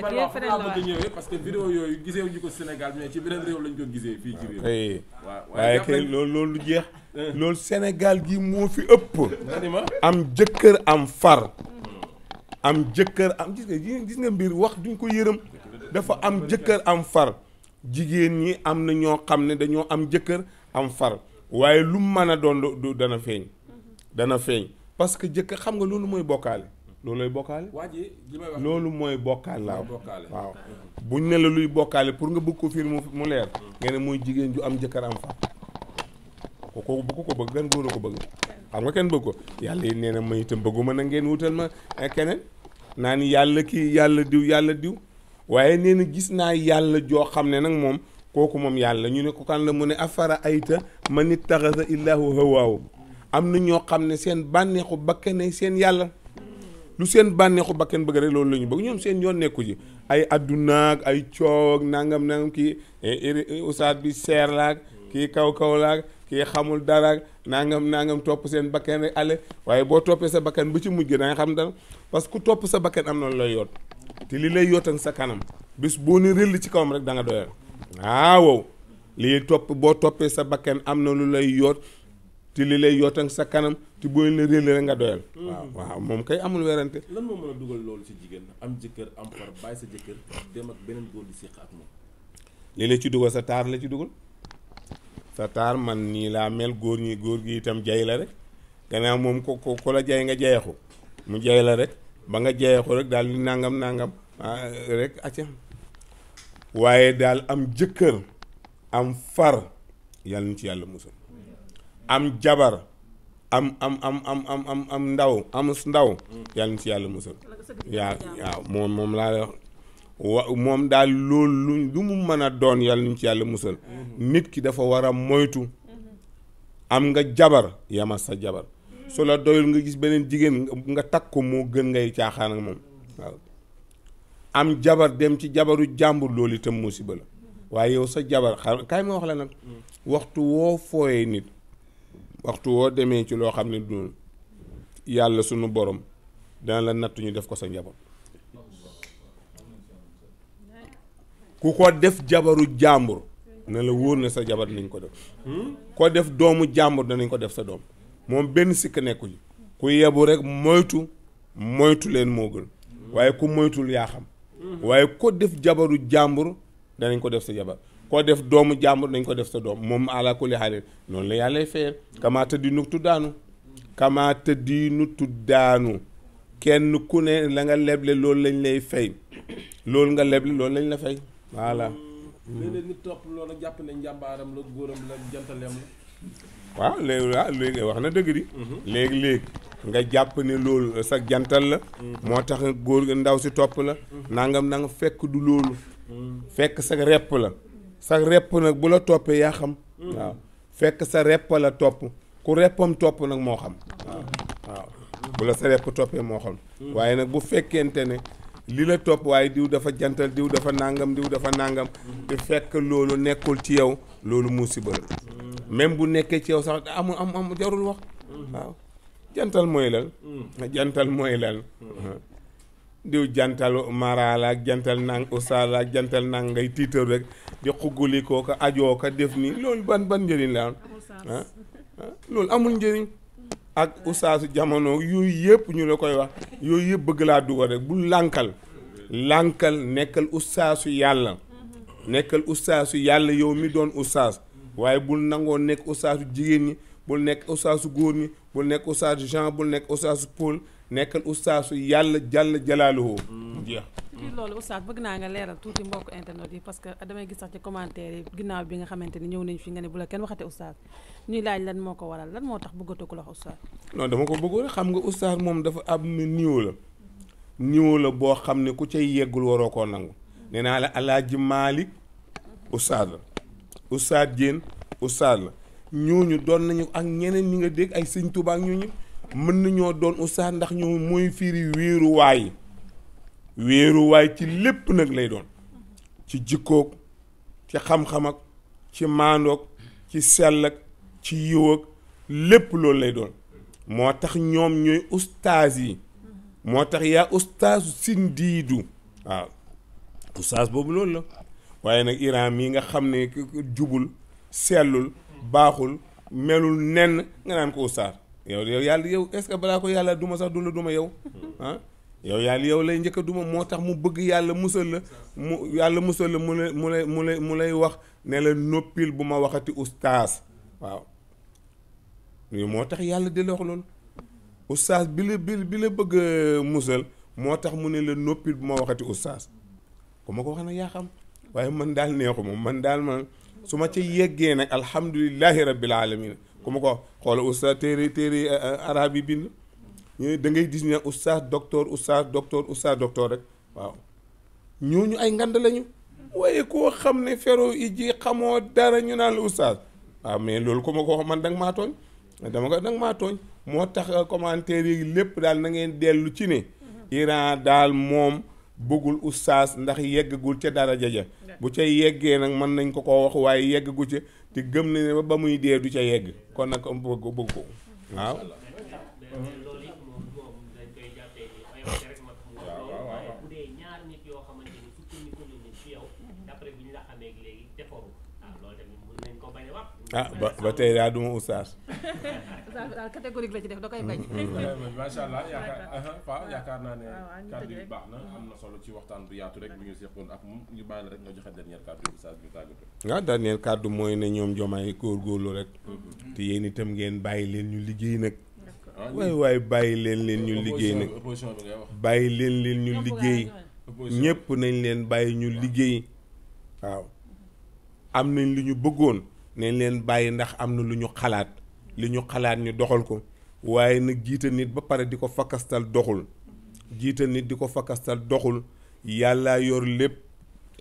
bu parce que vidéo yooyu gisee ñu ko Sénégal ci beneen réew lañ ko gisee. fii ci loolu loolu jeex. Eh. loolu Sénégal gi moo fi ëpp. am jëkkër am far. jëkkër am gis nga gis nga mbir wax duñ ko yërëm. dafa am jëkkër am far. jigéen ñi am na ñoo xam ne dañoo am jëkkër am far waaye lu mën a doon du dana feeñ. dana feeñ parce que jëkk xam nga loolu mooy bokkaale loolooy bokkaale loolu mooy bokkaal laa waaw buñ ne la luy bokkaale pour nga bëgg ko fiir mu leer nga ne mooy jigéen ju am jëkkër am fa ko bu ko ko bëgg gan góor a ko bëgg xam nga kenn bëgg ko yàlla yi nee na ma itam bëgguma na ngeen wutal ma eh, keneen naa ni yàlla ki yàlla diw yàlla diw waaye nee na gis naa yàlla joo xam ne nag moom kooku moom yàlla ñu ne ko kan la mu ne afara ayta man ittaxasa illaahu hawaahu am na ñoo xam ne seen bànneexu bakkan seen yàlla lu seen bànneexu bakkan bëgg rek loolu la ñu bëgg ñoom seen yoon nekku ji ay addunaag ay coog nangam nangam kii eh, eh, eh, usaat bi seer laag kii kaw kaw laag kii xamul dara nangam nangam topp seen bakken rek ale waaye boo toppee sa bakkan ba ci mujj da xam dara parce que ku topp sa bakkan am na lu yoot li lay yootan sa kanam bis boo ni rëll ci kawam rek da nga doyal topp boo toppee sa bakkan am na lu lay yoot ti li lay yootan sa kanam te boo la réerle rek nga doyal. Mm-hmm. waaw waaw moom kay amul werante. lan moo mën a dugal loolu ci jigéen am jëkkër am far sa jëkkër beneen góor di li la ci dugal sa taar la ci dugal sa taar man nii laa mel góor ñi góor gi itam jay la rek gannaaw moom ko ko ko la jay nga jayaxu mu jay la rek ba nga jayaxu rek daal di nangam nangam ah, rek acca waaye daal am jëkkër am far yàlla ñu ci yàlla musal. am jabar am am am am am ndaw am ndaw yàlla na si yàlla musal yaa waaw moom moom laa wax moom daal loolu lu mu mën a doon yàlla nañ ci yàlla musal nit ki dafa war a moytu am nga jabar yamal sa jabar su la doyul nga gis beneen jigéen nga takk ko moo gën ngay caaxaan ak moom am jabar dem ci jabaru jàmbur loolu itam musiba la waaye yow sa jabar xar kaay ma wax la nag mm. waxtu woo fooyee nit waxtu woo demee ci loo xam ne du yàlla sunu borom dana la nattu ñu def ko sa njaboot ku ko def jabaru jàmbur na la wóor ne sa jabar nañ ko def ko def doomu jàmbur danañ ko def sa doom moom benn sikk nekku yi ku yebu rek moytu moytu leen moo gën waaye ku moytul yaa xam waaye ko def jabaru jàmbur danañ ko def sa jabar koo def doomu jàmbur dañ ko def sa doom moom ala kulli xaalin noonu la yàlla lay fayee kamaa tëddiinu tuddaanu kamaa tëddiinu tuddaanu kenn ku ne la nga leble loolu lañ lay fay loolu nga leble loolu lañ la fay voilà. léeg jàpp ne njàmbaaram la góoram la waaw léegi wax na dëgg di mhm. léegi nga jàpp ni loolu sa jantal la mhm. moo tax góor ndaw si topp la mhm. nangam nanga fekk du loolu fekk sa repp la sa repp nag bu la toppee yaa xam mm. waaw fekk sa repp la topp ku reppam topp nag moo xam waaw waaw bu la sa repp toppee moo xam mm. waaye nag bu fekkente ne li la topp waaye diw dafa jantal diw dafa nangam diw dafa nangam mm. te loolu nekkul ci yow loolu musiba la bu nekkee ci yow sax amul am am jarul wax mooy lal mooy lal diw jantal maraala ak jantal nang usaala ak jantal nang ngay tiitar rek di xuguli ko ajoo ko def nii loolu ban ban njëriñ la am ah, ah, loolu amul njëriñ ak usaasu jamono yooyu yëpp ñu la koy wax yooyu yëpp bëgg laa dugal rek bu lànkal lànkal nekkal usaasu yàlla nekkal usaasu yàlla yow mi doon usaas waaye bul nangoo nekk usaasu jigéen ñi bul nekk usaasu góor ñi bul nekk usaasu Jean bul nekk usaasu Paul nekkal ustaasu yàlla jàll jalaaluhu mm, jeex ci mm. loolu ustaas bëgg naa nga leeral tuuti mbokk internet yi parce que damay gis sax ci commentaire yi ginnaaw bi nga xamante ni ñëw nañ fi nga ne bu la kenn waxate ustaas ñuy laaj lan moo ko waral lan moo tax bëggatu ko la wax ustaas non ko bëggoon xam nga ustaas moom dafa am na niveau la niveau la boo xam ne ku cay yeggul waroo ko nangu nee naa la alaaji maalik ustaas la ustaas jéen ustaas la ñooñu doon nañu ak ñeneen ñi nga dégg ay sëñ Tuubaa ak ñooñu mën nañoo doon oustaz ndax ñoo mooy firi wéeruwaay wéeruwaay ci lépp nag lay doon ci jikkook ci xam-xam ci maandoog ci sell ak ci yiw lépp loolu lay doon moo tax ñoom ñooy oustaz yi moo tax yaa oustaz sindiidu waaw oustaz boobu loolu la waaye nag Iran mii nga xam ne jubul sellul baaxul melul nenn nga naan ko oustaz yow yow yàlla yow ce que balaa ko yàlla duma sax du la duma yow ah yow yàlla yow lay njëkka a duma moo tax mu bëgg yàlla musal la mu yàlla musal la mu lay mu lay mu lay wax ne la noppil bu ma waxati ustaas waaw moo tax yàlla di la wax loolu ustaas bi la bi la bëgg a musal moo tax mu ne la noppil bu ma waxati ustaas ku ma ko wax na yaa xam waaye man daal neexuma man daal man su ma ca yeggee nag alhamdulilahi rabbil alamin ku mu ko xoola oustaz téere téere euh, euh, arab yi bind ñu da ngay gis ne oustaz docteur oustaz docteur oustaz docteur rek waaw ñooñu ay ngand lañu waaye koo xam ne fero i ji xamoo dara ñu naa la oustaz waaw mais loolu ku ma ko man dang maa tooñ dama ko danga maa tooñ moo tax commentaire yi lépp daal na ngeen dellu ci ni Iran daal moom bëggul usas ndax yeggagul ca dara jaja bu ca yeggee nag mën nañ ko ko wax waaye yeggagu ca te gëm na ba muy dee du ca yegg kon nag am bëgg ko bëgg ko waaw ah ba ba tey daal du ma oustaz. def da koy bañ. allah yaakaar yaakaar uh-huh, naa ne. baax na am na solo ci waxtaan bu yaatu rek ñu seqoon ak ñu bàyyi la rek nga joxe dernier kàddu oustaz bi ah, mooy ne ñoom jomaay góorgóorlu rek. Mm-hmm. te yéen itam ngeen bàyyi leen ñu liggéey nag. Ah, waay waaye bàyyi leen leen ñu liggéey nag. bàyyi leen leen ñu liggéey. ñëpp nañ leen bàyyi ñu liggéey. waaw am nañ li ñu bëggoon. nañ leen bàyyi ndax am na lu ñu xalaat li ñu xalaat ñu doxal ko waaye nag jiital nit ba pare di ko fakastal doxul jiital nit di ko fakastal doxul yàlla yor lépp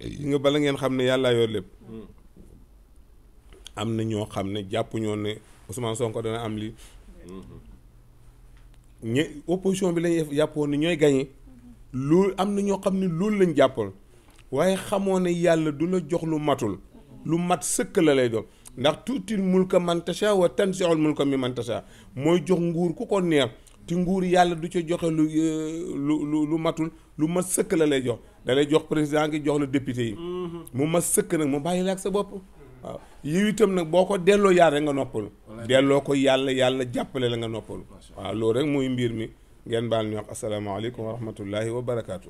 yi nga bala ngeen xam ne yàllaa yor lépp am na ñoo xam ne jàpp ne Ousmane Sonko am li ñe bi lañuy jàppoon ne ñooy gañe loolu am na ñoo xam ne loolu lañ jàppoon waaye xamoo ne yàlla du la jox lu matul lu mat sëkk la lay doon ndax tuutil mulka man tasha wa tansiul mulka mi man tasha mooy jox nguur ku ko neex ci nguur yàlla du ci joxe euh, lu lu lu matul lu ma sëkk la lay jox da jox président gi jox la député yi mm-hmm. mu ma sëkk nag mu bàyyi la ak sa bopp waaw itam nag boo ko delloo yàlla rek nga noppalu delloo ko yàlla yàlla jàppale la nga noppalu waaw loolu rek mooy mbir mi ngeen baal ñu wax asalaamaaleykum wa rahmatullahi wa barakaatu